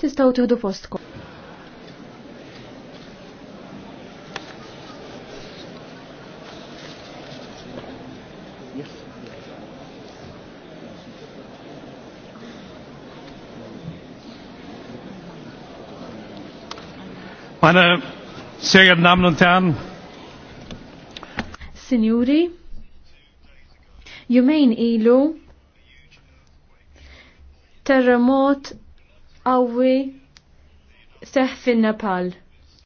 Tistaw tuħdu postkom. Meine sehr geehrten Damen Signori, jumejn ilu terremot qawwi seħ fin-Nepal.